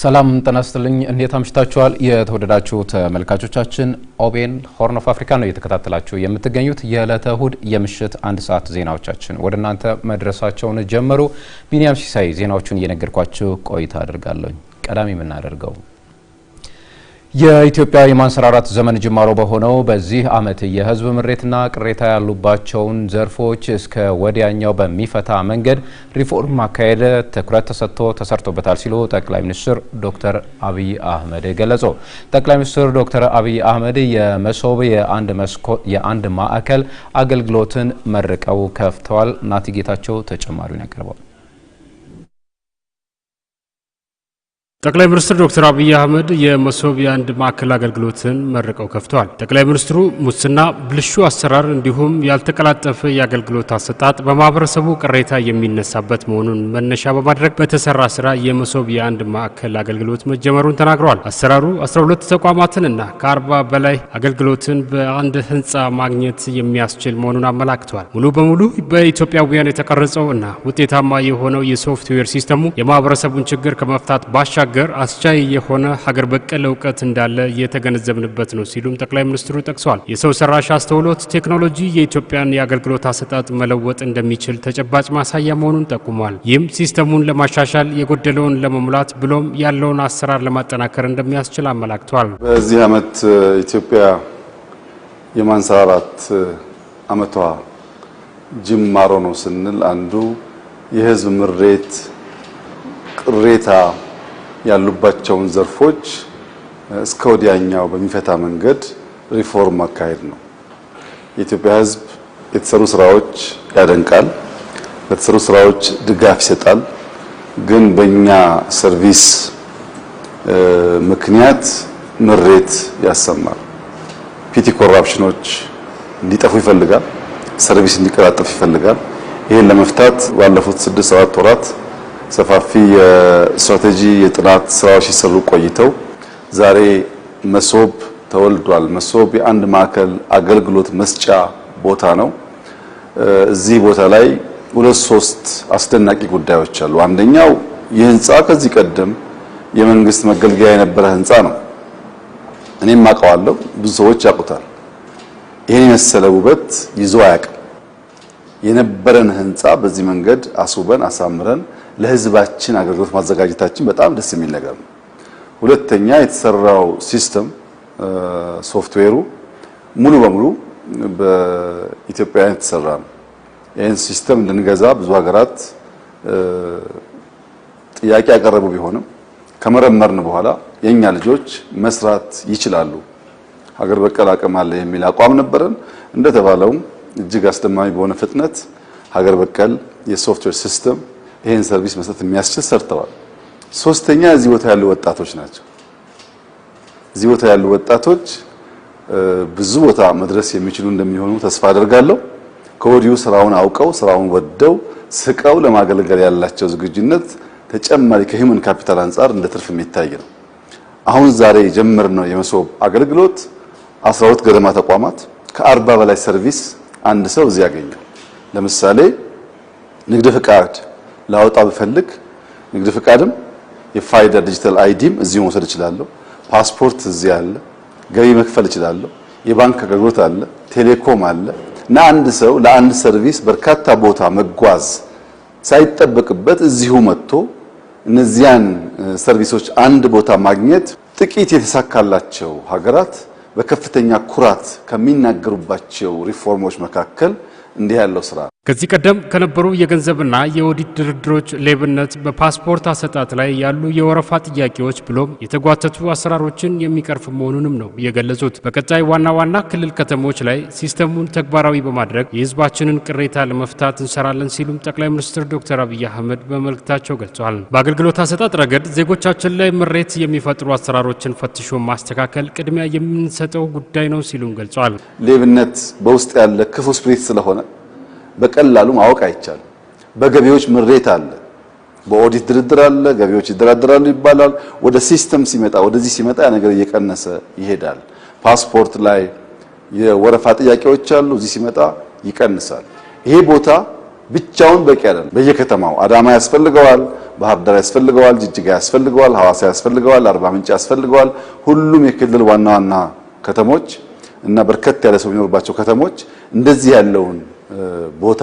ሰላም ጤና ይስጥልኝ። እንዴት አምሽታችኋል? የተወደዳችሁ ተመልካቾቻችን ኦቤን ሆርን ኦፍ አፍሪካ ነው እየተከታተላችሁ የምትገኙት። የዕለተ እሁድ የምሽት አንድ ሰዓት ዜናዎቻችን ወደ እናንተ መድረሳቸውን ጀመሩ። ቢኒያም ሲሳይ ዜናዎቹን እየነገርኳችሁ ቆይታ አድርጋለሁ። ቀዳሚ የምናደርገው የኢትዮጵያ የማንሰራራት ዘመን ጅማሮ በሆነው በዚህ ዓመት የሕዝብ ምሬትና ቅሬታ ያሉባቸውን ዘርፎች እስከ ወዲያኛው በሚፈታ መንገድ ሪፎርም ማካሄድ ትኩረት ተሰጥቶ ተሰርቶበታል ሲሉ ጠቅላይ ሚኒስትር ዶክተር አብይ አህመድ ገለጹ። ጠቅላይ ሚኒስትር ዶክተር አብይ አህመድ የመሶብ የአንድ ማዕከል አገልግሎትን መርቀው ከፍተዋል። ናቲ ጌታቸው ተጨማሪውን ያቀርበዋል። ጠቅላይ ሚኒስትር ዶክተር አብይ አህመድ የመሶብ የአንድ ማዕከል አገልግሎትን መርቀው ከፍተዋል። ጠቅላይ ሚኒስትሩ ሙስና፣ ብልሹ አሰራር እንዲሁም ያልተቀላጠፈ የአገልግሎት አሰጣጥ በማህበረሰቡ ቅሬታ የሚነሳበት መሆኑን መነሻ በማድረግ በተሰራ ስራ የመሶብ የአንድ ማዕከል አገልግሎት መጀመሩን ተናግረዋል። አሰራሩ 12 ተቋማትንና ከ40 በላይ አገልግሎትን በአንድ ህንፃ ማግኘት የሚያስችል መሆኑን አመላክተዋል። ሙሉ በሙሉ በኢትዮጵያውያን የተቀረጸው እና ውጤታማ የሆነው የሶፍትዌር ሲስተሙ የማህበረሰቡን ችግር ከመፍታት ባሻ ባሻገር አስቻይ የሆነ ሀገር በቀል እውቀት እንዳለ የተገነዘብንበት ነው ሲሉም ጠቅላይ ሚኒስትሩ ጠቅሰዋል። የሰው ሰራሽ አስተውሎት ቴክኖሎጂ የኢትዮጵያን የአገልግሎት አሰጣጥ መለወጥ እንደሚችል ተጨባጭ ማሳያ መሆኑን ጠቁሟል። ይህም ሲስተሙን ለማሻሻል የጎደለውን ለመሙላት ብሎም ያለውን አሰራር ለማጠናከር እንደሚያስችል አመላክቷል። በዚህ ዓመት ኢትዮጵያ የማንሰራራት ዓመቷ ጅማሮ ነው ስንል አንዱ የህዝብ ምሬት ቅሬታ ያሉባቸውን ዘርፎች እስከ ወዲያኛው በሚፈታ መንገድ ሪፎርም ማካሄድ ነው። የኢትዮጵያ ሕዝብ የተሰሩ ስራዎች ያደንቃል፣ ለተሰሩ ስራዎች ድጋፍ ይሰጣል። ግን በእኛ ሰርቪስ ምክንያት ምሬት ያሰማል። ፒቲ ኮራፕሽኖች እንዲጠፉ ይፈልጋል፣ ሰርቪስ እንዲቀላጠፍ ይፈልጋል። ይህን ለመፍታት ባለፉት ስድስት ሰባት ወራት ሰፋፊ የስትራቴጂ የጥናት ስራዎች ሲሰሩ ቆይተው ዛሬ መሶብ ተወልዷል። መሶብ የአንድ ማዕከል አገልግሎት መስጫ ቦታ ነው። እዚህ ቦታ ላይ ሁለት ሶስት አስደናቂ ጉዳዮች አሉ። አንደኛው ይህ ህንፃ ከዚህ ቀደም የመንግስት መገልገያ የነበረ ህንፃ ነው። እኔም አውቀዋለሁ፣ ብዙ ሰዎች ያውቁታል። ይህን የመሰለ ውበት ይዞ አያውቅም። የነበረን ህንፃ በዚህ መንገድ አስውበን አሳምረን ለህዝባችን አገልግሎት ማዘጋጀታችን በጣም ደስ የሚል ነገር ነው። ሁለተኛ የተሰራው ሲስተም ሶፍትዌሩ ሙሉ በሙሉ በኢትዮጵያውያን የተሰራ ነው። ይህን ሲስተም እንድንገዛ ብዙ ሀገራት ጥያቄ ያቀረቡ ቢሆንም ከመረመርን በኋላ የእኛ ልጆች መስራት ይችላሉ፣ ሀገር በቀል አቅም አለ የሚል አቋም ነበረን። እንደተባለውም እጅግ አስደማሚ በሆነ ፍጥነት ሀገር በቀል የሶፍትዌር ሲስተም ይሄን ሰርቪስ መስጠት የሚያስችል ሰርተዋል። ሶስተኛ እዚህ ቦታ ያሉ ወጣቶች ናቸው። እዚህ ቦታ ያሉ ወጣቶች ብዙ ቦታ መድረስ የሚችሉ እንደሚሆኑ ተስፋ አደርጋለሁ። ከወዲሁ ስራውን አውቀው ስራውን ወደው ስቀው ለማገልገል ያላቸው ዝግጁነት ተጨማሪ ከሂውመን ካፒታል አንጻር እንደ ትርፍ የሚታይ ነው። አሁን ዛሬ የጀመርነው የመሶብ አገልግሎት 12 ገደማ ተቋማት ከአርባ በላይ ሰርቪስ አንድ ሰው እዚህ ያገኛል። ለምሳሌ ንግድ ፍቃድ ላወጣ ብፈልግ ንግድ ፍቃድም የፋይዳ ዲጂታል አይዲም እዚሁ መውሰድ እችላለሁ። ፓስፖርት እዚህ አለ። ገቢ መክፈል እችላለሁ። የባንክ አገልግሎት አለ። ቴሌኮም አለ እና አንድ ሰው ለአንድ ሰርቪስ በርካታ ቦታ መጓዝ ሳይጠበቅበት እዚሁ መጥቶ እነዚያን ሰርቪሶች አንድ ቦታ ማግኘት ጥቂት የተሳካላቸው ሀገራት በከፍተኛ ኩራት ከሚናገሩባቸው ሪፎርሞች መካከል እንዲህ ያለው ስራ ከዚህ ቀደም ከነበሩ የገንዘብና የኦዲት ድርድሮች ሌብነት በፓስፖርት አሰጣጥ ላይ ያሉ የወረፋ ጥያቄዎች ብሎም የተጓተቱ አሰራሮችን የሚቀርፍ መሆኑንም ነው የገለጹት። በቀጣይ ዋና ዋና ክልል ከተሞች ላይ ሲስተሙን ተግባራዊ በማድረግ የሕዝባችንን ቅሬታ ለመፍታት እንሰራለን ሲሉም ጠቅላይ ሚኒስትር ዶክተር አብይ አህመድ በመልእክታቸው ገልጿል። በአገልግሎት አሰጣጥ ረገድ ዜጎቻችን ላይ ምሬት የሚፈጥሩ አሰራሮችን ፈትሾ ማስተካከል ቅድሚያ የምንሰጠው ጉዳይ ነው ሲሉም ገልጿል። ሌብነት በውስጥ ያለ ክፉ ስፕሪት ስለሆነ በቀላሉ ማወቅ አይቻልም። በገቢዎች ምሬት አለ፣ በኦዲት ድርድር አለ፣ ገቢዎች ይደራደራሉ ይባላል። ወደ ሲስተም ሲመጣ ወደዚህ ሲመጣ ያ ነገር እየቀነሰ ይሄዳል። ፓስፖርት ላይ የወረፋ ጥያቄዎች አሉ፣ እዚህ ሲመጣ ይቀንሳል። ይሄ ቦታ ብቻውን በቂ አይደለም። በየከተማው አዳማ ያስፈልገዋል፣ ባህር ዳር ያስፈልገዋል፣ ጅጅጋ ያስፈልገዋል፣ ሐዋሳ ያስፈልገዋል፣ አርባ ምንጭ ያስፈልገዋል። ሁሉም የክልል ዋና ዋና ከተሞች እና በርከት ያለ ሰው የሚኖርባቸው ከተሞች እንደዚህ ያለውን ቦታ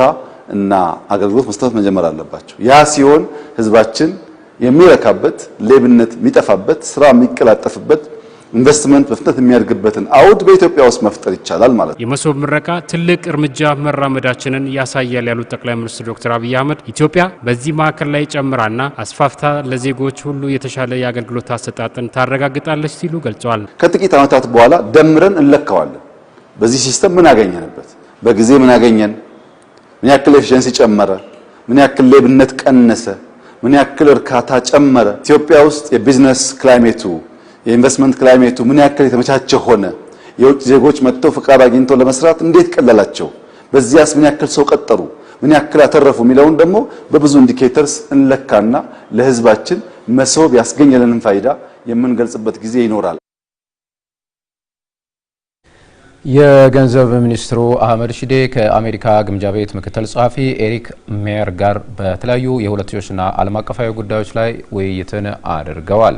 እና አገልግሎት መስጠት መጀመር አለባቸው። ያ ሲሆን ህዝባችን የሚረካበት፣ ሌብነት የሚጠፋበት፣ ስራ የሚቀላጠፍበት ኢንቨስትመንት በፍጥነት የሚያድግበትን አውድ በኢትዮጵያ ውስጥ መፍጠር ይቻላል ማለት ነው። የመሶብ ምረቃ ትልቅ እርምጃ መራመዳችንን ያሳያል ያሉት ጠቅላይ ሚኒስትር ዶክተር አብይ አህመድ ኢትዮጵያ በዚህ ማዕከል ላይ ጨምራና አስፋፍታ ለዜጎች ሁሉ የተሻለ የአገልግሎት አሰጣጥን ታረጋግጣለች ሲሉ ገልጸዋል። ከጥቂት ዓመታት በኋላ ደምረን እንለካዋለን። በዚህ ሲስተም ምን አገኘንበት፣ በጊዜ ምን አገኘን፣ ምን ያክል ኤፊሸንሲ ጨመረ፣ ምን ያክል ሌብነት ቀነሰ፣ ምን ያክል እርካታ ጨመረ፣ ኢትዮጵያ ውስጥ የቢዝነስ ክላይሜቱ የኢንቨስትመንት ክላይሜቱ ምን ያክል የተመቻቸ ሆነ፣ የውጭ ዜጎች መጥተው ፍቃድ አግኝተው ለመስራት እንዴት ቀለላቸው፣ በዚያስ ምን ያክል ሰው ቀጠሩ፣ ምን ያክል አተረፉ የሚለውን ደግሞ በብዙ ኢንዲኬተርስ እንለካና ለህዝባችን መሶብ ያስገኘልንን ፋይዳ የምንገልጽበት ጊዜ ይኖራል። የገንዘብ ሚኒስትሩ አህመድ ሽዴ ከአሜሪካ ግምጃ ቤት ምክትል ጸሐፊ ኤሪክ ሜየር ጋር በተለያዩ የሁለትዮሽና ዓለም አቀፋዊ ጉዳዮች ላይ ውይይትን አድርገዋል።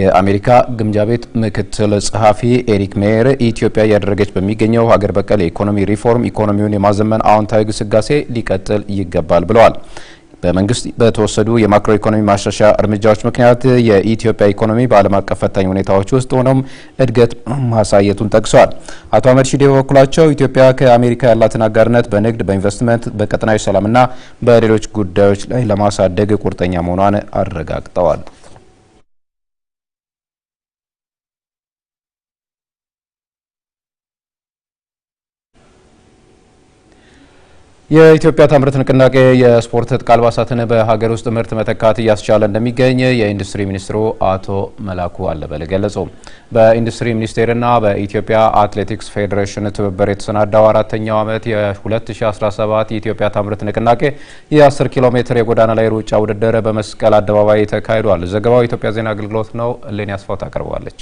የአሜሪካ ግምጃ ቤት ምክትል ጸሐፊ ኤሪክ ሜየር ኢትዮጵያ እያደረገች በሚገኘው ሀገር በቀል የኢኮኖሚ ሪፎርም ኢኮኖሚውን የማዘመን አዎንታዊ ግስጋሴ ሊቀጥል ይገባል ብለዋል። በመንግስት በተወሰዱ የማክሮ ኢኮኖሚ ማሻሻያ እርምጃዎች ምክንያት የኢትዮጵያ ኢኮኖሚ በዓለም አቀፍ ፈታኝ ሁኔታዎች ውስጥ ሆኖም እድገት ማሳየቱን ጠቅሰዋል። አቶ አህመድ ሺዴ በበኩላቸው ኢትዮጵያ ከአሜሪካ ያላትን አጋርነት በንግድ፣ በኢንቨስትመንት፣ በቀጠናዊ ሰላምና በሌሎች ጉዳዮች ላይ ለማሳደግ ቁርጠኛ መሆኗን አረጋግጠዋል። የኢትዮጵያ ታምርት ንቅናቄ የስፖርት ትጥቅ አልባሳትን በሀገር ውስጥ ምርት መተካት እያስቻለ እንደሚገኝ የኢንዱስትሪ ሚኒስትሩ አቶ መላኩ አለበል ገለጹ። በኢንዱስትሪ ሚኒስቴርና በኢትዮጵያ አትሌቲክስ ፌዴሬሽን ትብብር የተሰናዳው አራተኛው ዓመት የ2017 የኢትዮጵያ ታምርት ንቅናቄ የ10 ኪሎ ሜትር የጎዳና ላይ ሩጫ ውድድር በመስቀል አደባባይ ተካሂዷል። ዘገባው የኢትዮጵያ ዜና አገልግሎት ነው። እሌን ያስፋው ታቀርበዋለች።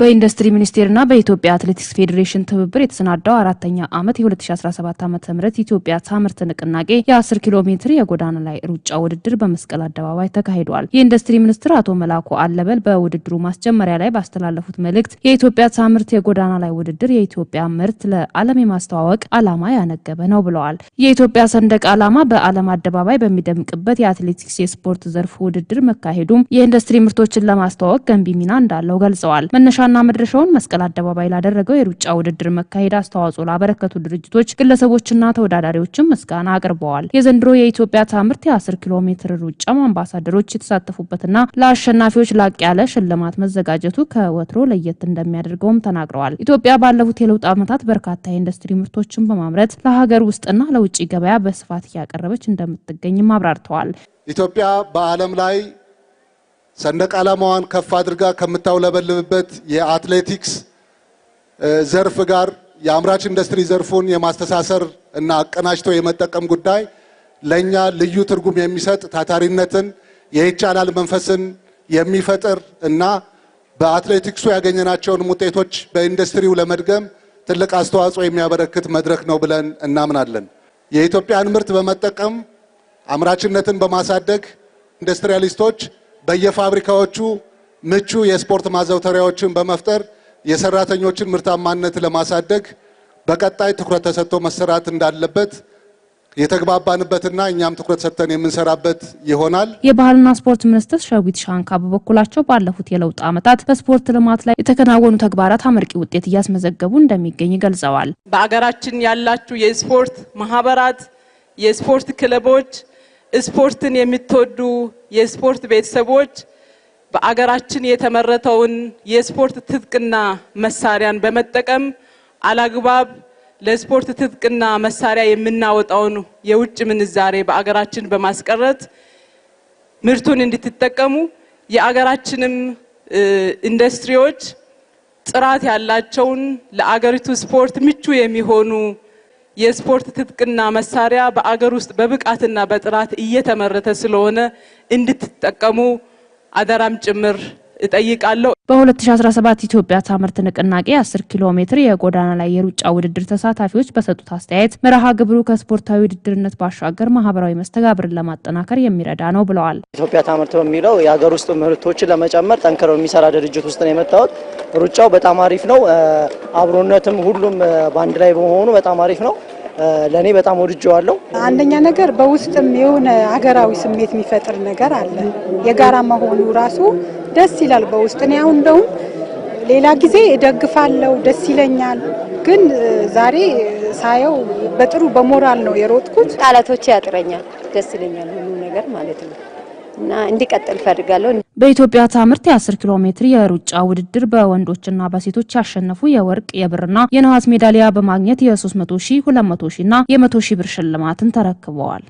በኢንዱስትሪ ሚኒስቴርና በኢትዮጵያ አትሌቲክስ ፌዴሬሽን ትብብር የተሰናዳው አራተኛ ዓመት የ2017 ዓ ም ኢትዮጵያ ታምርት ንቅናቄ የ10 ኪሎ ሜትር የጎዳና ላይ ሩጫ ውድድር በመስቀል አደባባይ ተካሂዷል። የኢንዱስትሪ ሚኒስትር አቶ መላኩ አለበል በውድድሩ ማስጀመሪያ ላይ ባስተላለፉት መልእክት የኢትዮጵያ ታምርት የጎዳና ላይ ውድድር የኢትዮጵያ ምርት ለዓለም የማስተዋወቅ ዓላማ ያነገበ ነው ብለዋል። የኢትዮጵያ ሰንደቅ ዓላማ በዓለም አደባባይ በሚደምቅበት የአትሌቲክስ የስፖርት ዘርፍ ውድድር መካሄዱም የኢንዱስትሪ ምርቶችን ለማስተዋወቅ ገንቢ ሚና እንዳለው ገልጸዋል። መነሻ መነሻና መድረሻውን መስቀል አደባባይ ላደረገው የሩጫ ውድድር መካሄድ አስተዋጽኦ ላበረከቱ ድርጅቶች፣ ግለሰቦችና ተወዳዳሪዎችም ምስጋና አቅርበዋል። የዘንድሮ የኢትዮጵያ ታምርት የ10 ኪሎ ሜትር ሩጫም አምባሳደሮች የተሳተፉበትና ለአሸናፊዎች ላቅ ያለ ሽልማት መዘጋጀቱ ከወትሮ ለየት እንደሚያደርገውም ተናግረዋል። ኢትዮጵያ ባለፉት የለውጥ ዓመታት በርካታ የኢንዱስትሪ ምርቶችን በማምረት ለሀገር ውስጥና ለውጭ ገበያ በስፋት እያቀረበች እንደምትገኝም አብራርተዋል። ኢትዮጵያ በዓለም ላይ ሰንደቅ ዓላማዋን ከፍ አድርጋ ከምታውለበልብበት የአትሌቲክስ ዘርፍ ጋር የአምራች ኢንዱስትሪ ዘርፉን የማስተሳሰር እና አቀናጅቶ የመጠቀም ጉዳይ ለእኛ ልዩ ትርጉም የሚሰጥ ታታሪነትን፣ የይቻላል መንፈስን የሚፈጥር እና በአትሌቲክሱ ያገኘናቸውን ውጤቶች በኢንዱስትሪው ለመድገም ትልቅ አስተዋጽኦ የሚያበረክት መድረክ ነው ብለን እናምናለን። የኢትዮጵያን ምርት በመጠቀም አምራችነትን በማሳደግ ኢንዱስትሪያሊስቶች በየፋብሪካዎቹ ምቹ የስፖርት ማዘውተሪያዎችን በመፍጠር የሰራተኞችን ምርታማነት ለማሳደግ በቀጣይ ትኩረት ተሰጥቶ መሰራት እንዳለበት የተግባባንበትና እኛም ትኩረት ሰጥተን የምንሰራበት ይሆናል። የባህልና ስፖርት ሚኒስትር ሸዊት ሻንካ በበኩላቸው ባለፉት የለውጥ ዓመታት በስፖርት ልማት ላይ የተከናወኑ ተግባራት አመርቂ ውጤት እያስመዘገቡ እንደሚገኝ ገልጸዋል። በአገራችን ያላችሁ የስፖርት ማህበራት፣ የስፖርት ክለቦች ስፖርትን የምትወዱ የስፖርት ቤተሰቦች በአገራችን የተመረተውን የስፖርት ትጥቅና መሳሪያን በመጠቀም አላግባብ ለስፖርት ትጥቅና መሳሪያ የምናወጣውን የውጭ ምንዛሬ በአገራችን በማስቀረት ምርቱን እንድትጠቀሙ የአገራችንም ኢንዱስትሪዎች ጥራት ያላቸውን ለአገሪቱ ስፖርት ምቹ የሚሆኑ የስፖርት ትጥቅና መሳሪያ በአገር ውስጥ በብቃትና በጥራት እየተመረተ ስለሆነ እንድትጠቀሙ አደራም ጭምር እጠይቃለሁ። በ2017 ኢትዮጵያ ታምርት ንቅናቄ 10 ኪሎ ሜትር የጎዳና ላይ የሩጫ ውድድር ተሳታፊዎች በሰጡት አስተያየት መርሃ ግብሩ ከስፖርታዊ ውድድርነት ባሻገር ማህበራዊ መስተጋብርን ለማጠናከር የሚረዳ ነው ብለዋል። ኢትዮጵያ ታምርት በሚለው የሀገር ውስጥ ምርቶችን ለመጨመር ጠንክረው የሚሰራ ድርጅት ውስጥ ነው የመጣሁት። ሩጫው በጣም አሪፍ ነው። አብሮነትም ሁሉም በአንድ ላይ በመሆኑ በጣም አሪፍ ነው። ለእኔ በጣም ወድጀዋለሁ። አንደኛ ነገር በውስጥም የሆነ ሀገራዊ ስሜት የሚፈጥር ነገር አለ። የጋራ መሆኑ ራሱ ደስ ይላል። በውስጥ እኔ አሁን እንደውም ሌላ ጊዜ እደግፋለሁ፣ ደስ ይለኛል። ግን ዛሬ ሳየው በጥሩ በሞራል ነው የሮጥኩት። ቃላቶች ያጥረኛል። ደስ ይለኛል ሁሉ ነገር ማለት ነው። እና እንዲቀጥል ፈልጋለሁ። በኢትዮጵያ ታምርት የ10 ኪሎ ሜትር የሩጫ ውድድር በወንዶችና በሴቶች ያሸነፉ የወርቅ የብርና የነሐስ ሜዳሊያ በማግኘት የ300 ሺ 200 ሺ እና የ100 ሺ ብር ሽልማትን ተረክበዋል።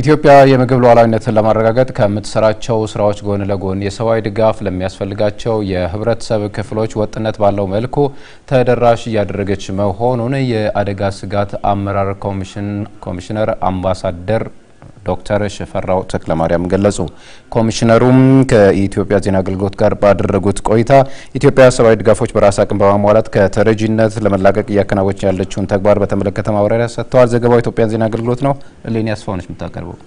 ኢትዮጵያ የምግብ ሉዓላዊነትን ለማረጋገጥ ከምትሰራቸው ስራዎች ጎን ለጎን የሰብአዊ ድጋፍ ለሚያስፈልጋቸው የህብረተሰብ ክፍሎች ወጥነት ባለው መልኩ ተደራሽ እያደረገች መሆኑን የአደጋ ስጋት አመራር ኮሚሽን ኮሚሽነር አምባሳደር ዶክተር ሽፈራው ተክለማርያም ገለጹ። ኮሚሽነሩም ከኢትዮጵያ ዜና አገልግሎት ጋር ባደረጉት ቆይታ ኢትዮጵያ ሰብአዊ ድጋፎች በራስ አቅም በማሟላት ከተረጂነት ለመላቀቅ እያከናወነች ያለችውን ተግባር በተመለከተ ማብራሪያ ሰጥተዋል። ዘገባው ኢትዮጵያ ዜና አገልግሎት ነው። እሌኒ አስፋው የምታቀርበው።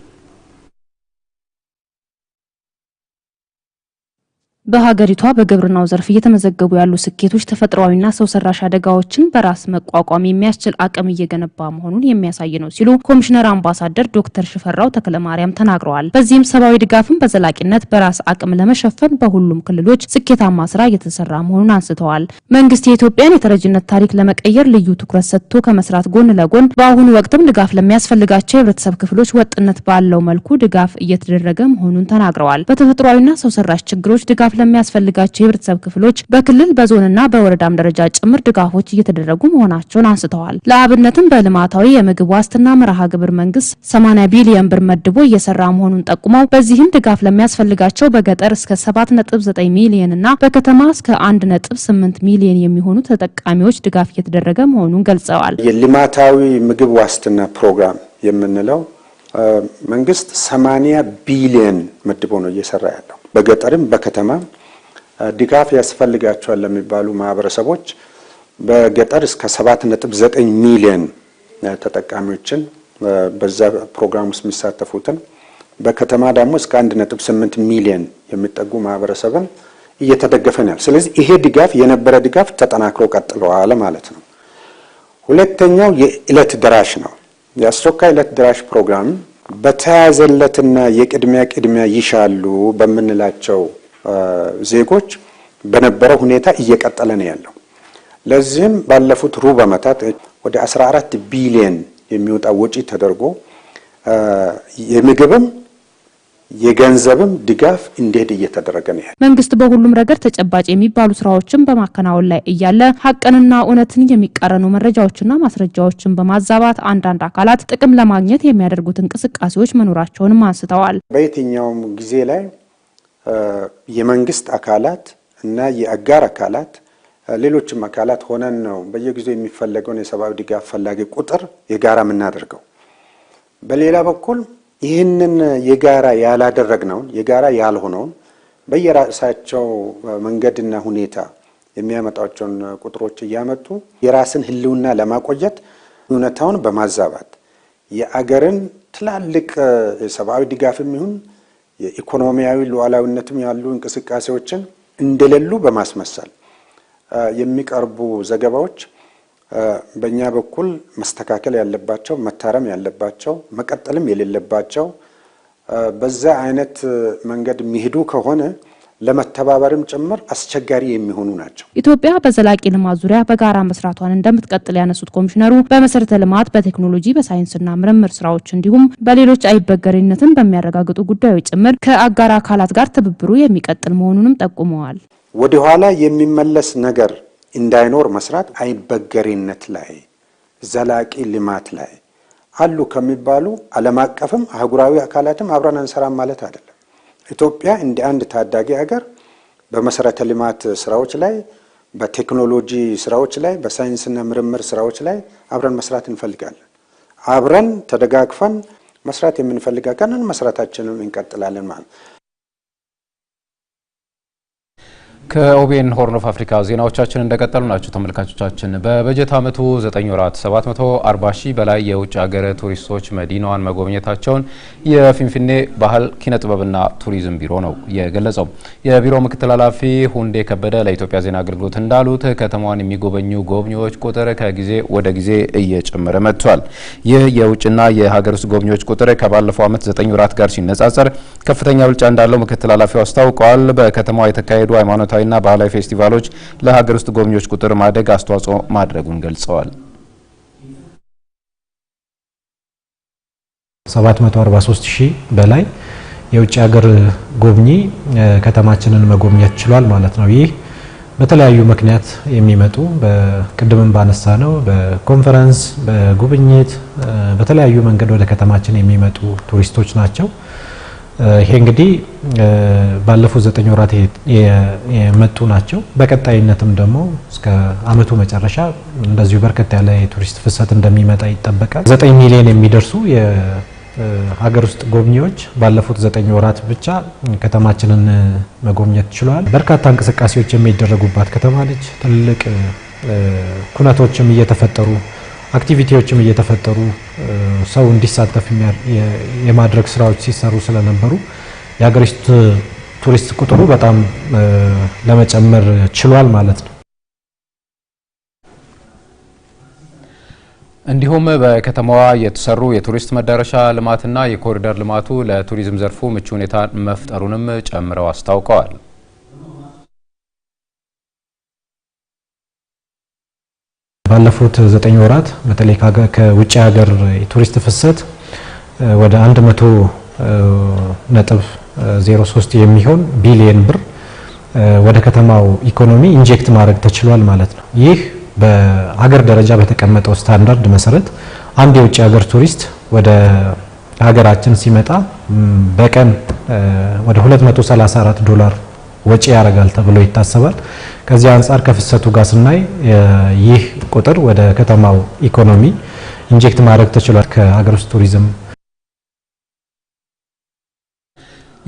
በሀገሪቷ በግብርናው ዘርፍ እየተመዘገቡ ያሉ ስኬቶች ተፈጥሯዊና ሰው ሰራሽ አደጋዎችን በራስ መቋቋም የሚያስችል አቅም እየገነባ መሆኑን የሚያሳይ ነው ሲሉ ኮሚሽነር አምባሳደር ዶክተር ሽፈራው ተክለ ማርያም ተናግረዋል። በዚህም ሰብአዊ ድጋፍን በዘላቂነት በራስ አቅም ለመሸፈን በሁሉም ክልሎች ስኬታማ ስራ እየተሰራ መሆኑን አንስተዋል። መንግስት የኢትዮጵያን የተረጅነት ታሪክ ለመቀየር ልዩ ትኩረት ሰጥቶ ከመስራት ጎን ለጎን በአሁኑ ወቅትም ድጋፍ ለሚያስፈልጋቸው የህብረተሰብ ክፍሎች ወጥነት ባለው መልኩ ድጋፍ እየተደረገ መሆኑን ተናግረዋል። በተፈጥሯዊና ሰው ሰራሽ ችግሮች ድጋፍ ድጋፍ ለሚያስፈልጋቸው የህብረተሰብ ክፍሎች በክልል በዞንና በወረዳም ደረጃ ጭምር ድጋፎች እየተደረጉ መሆናቸውን አንስተዋል። ለአብነትም በልማታዊ የምግብ ዋስትና መርሃ ግብር መንግስት 80 ቢሊዮን ብር መድቦ እየሰራ መሆኑን ጠቁመው በዚህም ድጋፍ ለሚያስፈልጋቸው በገጠር እስከ 7.9 ሚሊዮን እና በከተማ እስከ 1.8 ሚሊዮን የሚሆኑ ተጠቃሚዎች ድጋፍ እየተደረገ መሆኑን ገልጸዋል። የልማታዊ ምግብ ዋስትና ፕሮግራም የምንለው መንግስት 80 ቢሊዮን መድቦ ነው እየሰራ ያለው በገጠርም በከተማ ድጋፍ ያስፈልጋቸዋል ለሚባሉ ማህበረሰቦች በገጠር እስከ 7.9 ሚሊዮን ተጠቃሚዎችን በዛ ፕሮግራም ውስጥ የሚሳተፉትን በከተማ ደግሞ እስከ 1.8 ሚሊዮን የሚጠጉ ማህበረሰብን እየተደገፈ ነው። ስለዚህ ይሄ ድጋፍ የነበረ ድጋፍ ተጠናክሮ ቀጥለዋል ማለት ነው። ሁለተኛው የእለት ደራሽ ነው። የአስቸኳይ እለት ደራሽ ፕሮግራም በተያዘለትና የቅድሚያ ቅድሚያ ይሻሉ በምንላቸው ዜጎች በነበረው ሁኔታ እየቀጠለ ነው ያለው። ለዚህም ባለፉት ሩብ ዓመታት ወደ 14 ቢሊየን የሚወጣ ወጪ ተደርጎ የምግብም የገንዘብም ድጋፍ እንዴት እየተደረገ ነው? መንግስት በሁሉም ረገድ ተጨባጭ የሚባሉ ስራዎችን በማከናወን ላይ እያለ ሀቅንና እውነትን የሚቃረኑ መረጃዎችና ማስረጃዎችን በማዛባት አንዳንድ አካላት ጥቅም ለማግኘት የሚያደርጉት እንቅስቃሴዎች መኖራቸውንም አንስተዋል። በየትኛውም ጊዜ ላይ የመንግስት አካላት እና የአጋር አካላት ሌሎችም አካላት ሆነን ነው በየጊዜው የሚፈለገውን የሰብአዊ ድጋፍ ፈላጊ ቁጥር የጋራ የምናደርገው። በሌላ በኩል ይህንን የጋራ ያላደረግነውን የጋራ ያልሆነውን በየራሳቸው መንገድና ሁኔታ የሚያመጣቸውን ቁጥሮች እያመጡ የራስን ህልውና ለማቆየት እውነታውን በማዛባት የአገርን ትላልቅ የሰብአዊ ድጋፍም ይሁን የኢኮኖሚያዊ ሉዓላዊነትም ያሉ እንቅስቃሴዎችን እንደሌሉ በማስመሰል የሚቀርቡ ዘገባዎች በእኛ በኩል መስተካከል ያለባቸው መታረም ያለባቸው መቀጠልም የሌለባቸው በዛ አይነት መንገድ የሚሄዱ ከሆነ ለመተባበርም ጭምር አስቸጋሪ የሚሆኑ ናቸው። ኢትዮጵያ በዘላቂ ልማት ዙሪያ በጋራ መስራቷን እንደምትቀጥል ያነሱት ኮሚሽነሩ በመሰረተ ልማት፣ በቴክኖሎጂ፣ በሳይንስና ምርምር ስራዎች እንዲሁም በሌሎች አይበገሬነትን በሚያረጋግጡ ጉዳዮች ጭምር ከአጋር አካላት ጋር ትብብሩ የሚቀጥል መሆኑንም ጠቁመዋል። ወደኋላ የሚመለስ ነገር እንዳይኖር መስራት አይበገሪነት ላይ ዘላቂ ልማት ላይ አሉ ከሚባሉ ዓለም አቀፍም አህጉራዊ አካላትም አብረን አንሰራም ማለት አይደለም። ኢትዮጵያ እንደ አንድ ታዳጊ ሀገር በመሰረተ ልማት ስራዎች ላይ፣ በቴክኖሎጂ ስራዎች ላይ፣ በሳይንስና ምርምር ስራዎች ላይ አብረን መስራት እንፈልጋለን። አብረን ተደጋግፈን መስራት የምንፈልጋ ቀንን መስራታችንም እንቀጥላለን ማለት ነው። ከኦቤን ሆርን ኦፍ አፍሪካ ዜናዎቻችን እንደቀጠሉ ናቸው። ተመልካቾቻችን በበጀት ዓመቱ 9 ወራት 740 ሺህ በላይ የውጭ ሀገር ቱሪስቶች መዲናዋን መጎብኘታቸውን የፊንፊኔ ባህል ኪነ ጥበብና ቱሪዝም ቢሮ ነው የገለጸው። የቢሮው ምክትል ኃላፊ ሁንዴ ከበደ ለኢትዮጵያ ዜና አገልግሎት እንዳሉት ከተማዋን የሚጎበኙ ጎብኚዎች ቁጥር ከጊዜ ወደ ጊዜ እየጨመረ መጥቷል። ይህ የውጭና የሀገር ውስጥ ጎብኚዎች ቁጥር ከባለፈው ዓመት 9 ወራት ጋር ሲነጻጸር ከፍተኛ ብልጫ እንዳለው ምክትል ኃላፊው አስታውቀዋል። በከተማዋ የተካሄዱ ሃይማኖታዊ ሃይማኖታዊና ባህላዊ ፌስቲቫሎች ለሀገር ውስጥ ጎብኚዎች ቁጥር ማደግ አስተዋጽኦ ማድረጉን ገልጸዋል። 743 ሺህ በላይ የውጭ ሀገር ጎብኚ ከተማችንን መጎብኘት ችሏል ማለት ነው። ይህ በተለያዩ ምክንያት የሚመጡ በቅድምም ባነሳ ነው በኮንፈረንስ፣ በጉብኝት፣ በተለያዩ መንገድ ወደ ከተማችን የሚመጡ ቱሪስቶች ናቸው። ይሄ እንግዲህ ባለፉት ዘጠኝ ወራት የመጡ ናቸው። በቀጣይነትም ደግሞ እስከ አመቱ መጨረሻ እንደዚሁ በርከት ያለ የቱሪስት ፍሰት እንደሚመጣ ይጠበቃል። ዘጠኝ ሚሊዮን የሚደርሱ የሀገር ውስጥ ጎብኚዎች ባለፉት ዘጠኝ ወራት ብቻ ከተማችንን መጎብኘት ችለዋል። በርካታ እንቅስቃሴዎች የሚደረጉባት ከተማ ነች። ትልቅ ኩነቶችም እየተፈጠሩ አክቲቪቲዎችም እየተፈጠሩ ሰው እንዲሳተፍ የማድረግ ስራዎች ሲሰሩ ስለነበሩ የሀገሪቱ ቱሪስት ቁጥሩ በጣም ለመጨመር ችሏል ማለት ነው። እንዲሁም በከተማዋ የተሰሩ የቱሪስት መዳረሻ ልማትና የኮሪደር ልማቱ ለቱሪዝም ዘርፉ ምቹ ሁኔታ መፍጠሩንም ጨምረው አስታውቀዋል። ባለፉት ዘጠኝ ወራት በተለይ ከውጭ ሀገር የቱሪስት ፍሰት ወደ 100 ነጥብ 03 የሚሆን ቢሊየን ብር ወደ ከተማው ኢኮኖሚ ኢንጀክት ማድረግ ተችሏል ማለት ነው። ይህ በሀገር ደረጃ በተቀመጠው ስታንዳርድ መሰረት አንድ የውጭ ሀገር ቱሪስት ወደ ሀገራችን ሲመጣ በቀን ወደ 234 ዶላር ወጪ ያደርጋል ተብሎ ይታሰባል። ከዚህ አንጻር ከፍሰቱ ጋር ስናይ ይህ ቁጥር ወደ ከተማው ኢኮኖሚ ኢንጀክት ማድረግ ተችሏል። ከሀገር ውስጥ ቱሪዝም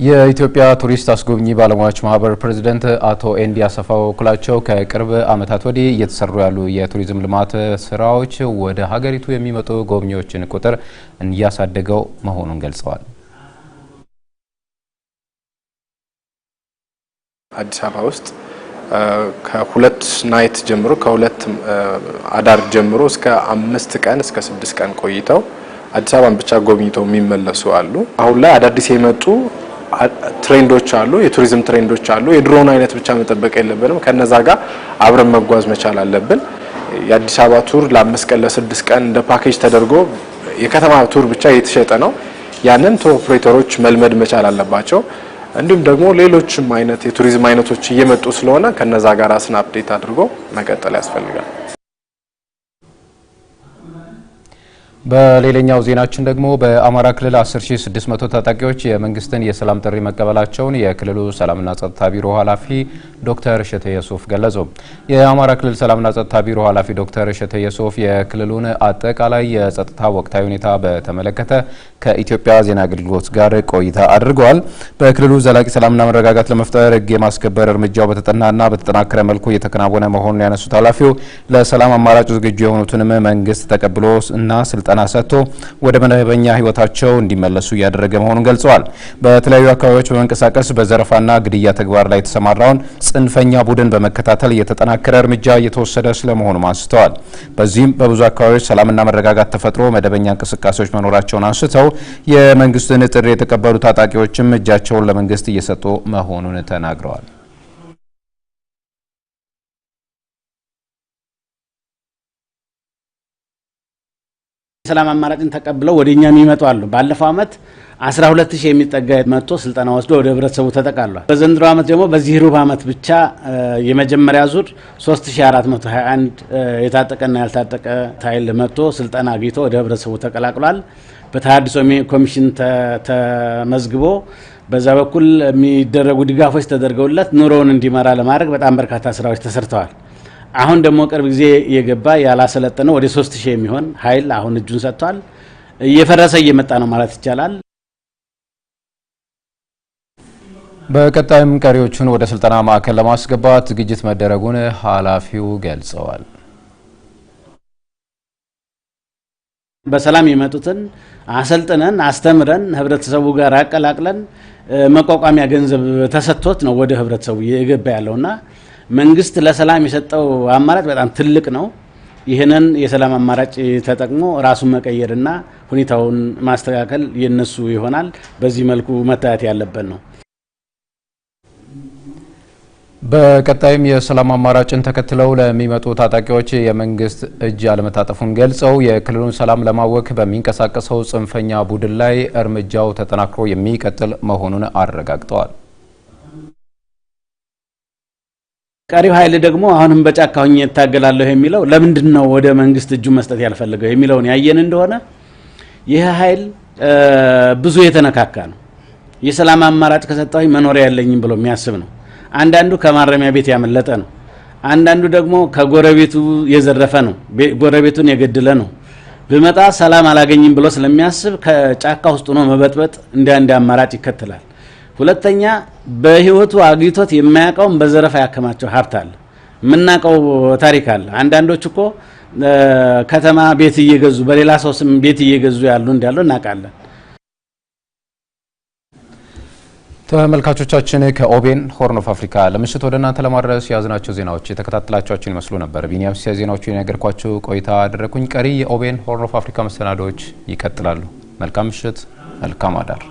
የኢትዮጵያ ቱሪስት አስጎብኚ ባለሙያዎች ማህበር ፕሬዚደንት አቶ ኤንዲ አሰፋ በበኩላቸው ከቅርብ ዓመታት ወዲህ እየተሰሩ ያሉ የቱሪዝም ልማት ስራዎች ወደ ሀገሪቱ የሚመጡ ጎብኚዎችን ቁጥር እያሳደገው መሆኑን ገልጸዋል። አዲስ አበባ ውስጥ ከሁለት ናይት ጀምሮ ከሁለት አዳር ጀምሮ እስከ አምስት ቀን እስከ ስድስት ቀን ቆይተው አዲስ አበባን ብቻ ጎብኝተው የሚመለሱ አሉ። አሁን ላይ አዳዲስ የመጡ ትሬንዶች አሉ፣ የቱሪዝም ትሬንዶች አሉ። የድሮን አይነት ብቻ መጠበቅ የለብንም። ከነዛ ጋር አብረን መጓዝ መቻል አለብን። የአዲስ አበባ ቱር ለአምስት ቀን ለስድስት ቀን እንደ ፓኬጅ ተደርጎ የከተማ ቱር ብቻ እየተሸጠ ነው። ያንን ቱር ኦፕሬተሮች መልመድ መቻል አለባቸው። እንዲሁም ደግሞ ሌሎችም አይነት የቱሪዝም አይነቶች እየመጡ ስለሆነ ከነዛ ጋር ስናፕዴት አድርጎ መቀጠል ያስፈልጋል። በሌላኛው ዜናችን ደግሞ በአማራ ክልል 10600 ታጣቂዎች የመንግስትን የሰላም ጥሪ መቀበላቸውን የክልሉ ሰላምና ጸጥታ ቢሮ ኃላፊ ዶክተር እሸተ የሱፍ ገለጹ። የአማራ ክልል ሰላምና ጸጥታ ቢሮ ኃላፊ ዶክተር እሸተ የሱፍ የክልሉን አጠቃላይ የጸጥታ ወቅታዊ ሁኔታ በተመለከተ ከኢትዮጵያ ዜና አገልግሎት ጋር ቆይታ አድርገዋል። በክልሉ ዘላቂ ሰላምና መረጋጋት ለመፍጠር ሕግ የማስከበር እርምጃው በተጠናና በተጠናከረ መልኩ እየተከናወነ መሆኑን ያነሱት ኃላፊው ለሰላም አማራጭ ዝግጁ የሆኑትንም መንግስት ተቀብሎ እና ስልጣ ስልጠና ሰጥቶ ወደ መደበኛ ህይወታቸው እንዲመለሱ እያደረገ መሆኑን ገልጸዋል። በተለያዩ አካባቢዎች በመንቀሳቀስ በዘረፋና ግድያ ተግባር ላይ የተሰማራውን ጽንፈኛ ቡድን በመከታተል የተጠናከረ እርምጃ እየተወሰደ ስለመሆኑም አንስተዋል። በዚህም በብዙ አካባቢዎች ሰላምና መረጋጋት ተፈጥሮ መደበኛ እንቅስቃሴዎች መኖራቸውን አንስተው የመንግስትን ጥሪ የተቀበሉ ታጣቂዎችም እጃቸውን ለመንግስት እየሰጡ መሆኑን ተናግረዋል። ሰላም አማራጭን ተቀብለው ወደ እኛ የሚመጡ አሉ። ባለፈው ዓመት 12 ሺህ የሚጠጋ መጥቶ ስልጠና ወስዶ ወደ ህብረተሰቡ ተጠቃሏል። በዘንድሮ ዓመት ደግሞ በዚህ ሩብ ዓመት ብቻ የመጀመሪያ ዙር 3421 የታጠቀና ያልታጠቀ ኃይል መጥቶ ስልጠና አግኝቶ ወደ ህብረተሰቡ ተቀላቅሏል። በተሃድሶ ኮሚሽን ተመዝግቦ በዛ በኩል የሚደረጉ ድጋፎች ተደርገውለት ኑሮውን እንዲመራ ለማድረግ በጣም በርካታ ስራዎች ተሰርተዋል። አሁን ደግሞ ቅርብ ጊዜ የገባ ያላሰለጠነው ወደ ሶስት ሺህ የሚሆን ኃይል አሁን እጁን ሰጥቷል። እየፈረሰ እየመጣ ነው ማለት ይቻላል። በቀጣይም ቀሪዎቹን ወደ ስልጠና ማዕከል ለማስገባት ዝግጅት መደረጉን ኃላፊው ገልጸዋል። በሰላም የመጡትን አሰልጥነን አስተምረን ህብረተሰቡ ጋር አቀላቅለን መቋቋሚያ ገንዘብ ተሰጥቶት ነው ወደ ህብረተሰቡ የገባ ያለውና መንግስት ለሰላም የሰጠው አማራጭ በጣም ትልቅ ነው። ይህንን የሰላም አማራጭ ተጠቅሞ ራሱን መቀየርና ሁኔታውን ማስተካከል የነሱ ይሆናል። በዚህ መልኩ መታየት ያለበት ነው። በቀጣይም የሰላም አማራጭን ተከትለው ለሚመጡ ታጣቂዎች የመንግስት እጅ አለመታጠፉን ገልጸው የክልሉን ሰላም ለማወክ በሚንቀሳቀሰው ጽንፈኛ ቡድን ላይ እርምጃው ተጠናክሮ የሚቀጥል መሆኑን አረጋግጠዋል። ቀሪው ኃይል ደግሞ አሁንም በጫካ ሆኜ እታገላለሁ የሚለው ለምንድን ነው ወደ መንግስት እጁ መስጠት ያልፈልገው የሚለውን ያየን እንደሆነ ይህ ኃይል ብዙ የተነካካ ነው። የሰላም አማራጭ ከሰጠሁኝ መኖሪያ ያለኝም ብሎ የሚያስብ ነው። አንዳንዱ ከማረሚያ ቤት ያመለጠ ነው። አንዳንዱ ደግሞ ከጎረቤቱ የዘረፈ ነው። ጎረቤቱን የገደለ ነው። ብመጣ ሰላም አላገኝም ብሎ ስለሚያስብ ከጫካ ውስጥ ሆኖ መበጥበጥ እንደ አንድ አማራጭ ይከተላል። ሁለተኛ በህይወቱ አግኝቶት የማያውቀውን በዘረፋ ያከማቸው ሀብት አለ። የምናውቀው ታሪክ አለ። አንዳንዶች እኮ ከተማ ቤት እየገዙ በሌላ ሰው ስም ቤት እየገዙ ያሉ እንዳሉ እናውቃለን። ተመልካቾቻችን ከኦቤን ሆርን ኦፍ አፍሪካ ለምሽት ወደ እናንተ ለማድረስ የያዝናቸው ዜናዎች የተከታተላቸኋችን ይመስሉ ነበር። ቢኒያም ሲሳይ ዜናዎቹን ቆይታ አደረግኩኝ። ቀሪ የኦቤን ሆርን ኦፍ አፍሪካ መሰናዶዎች ይቀጥላሉ። መልካም ምሽት፣ መልካም አዳር።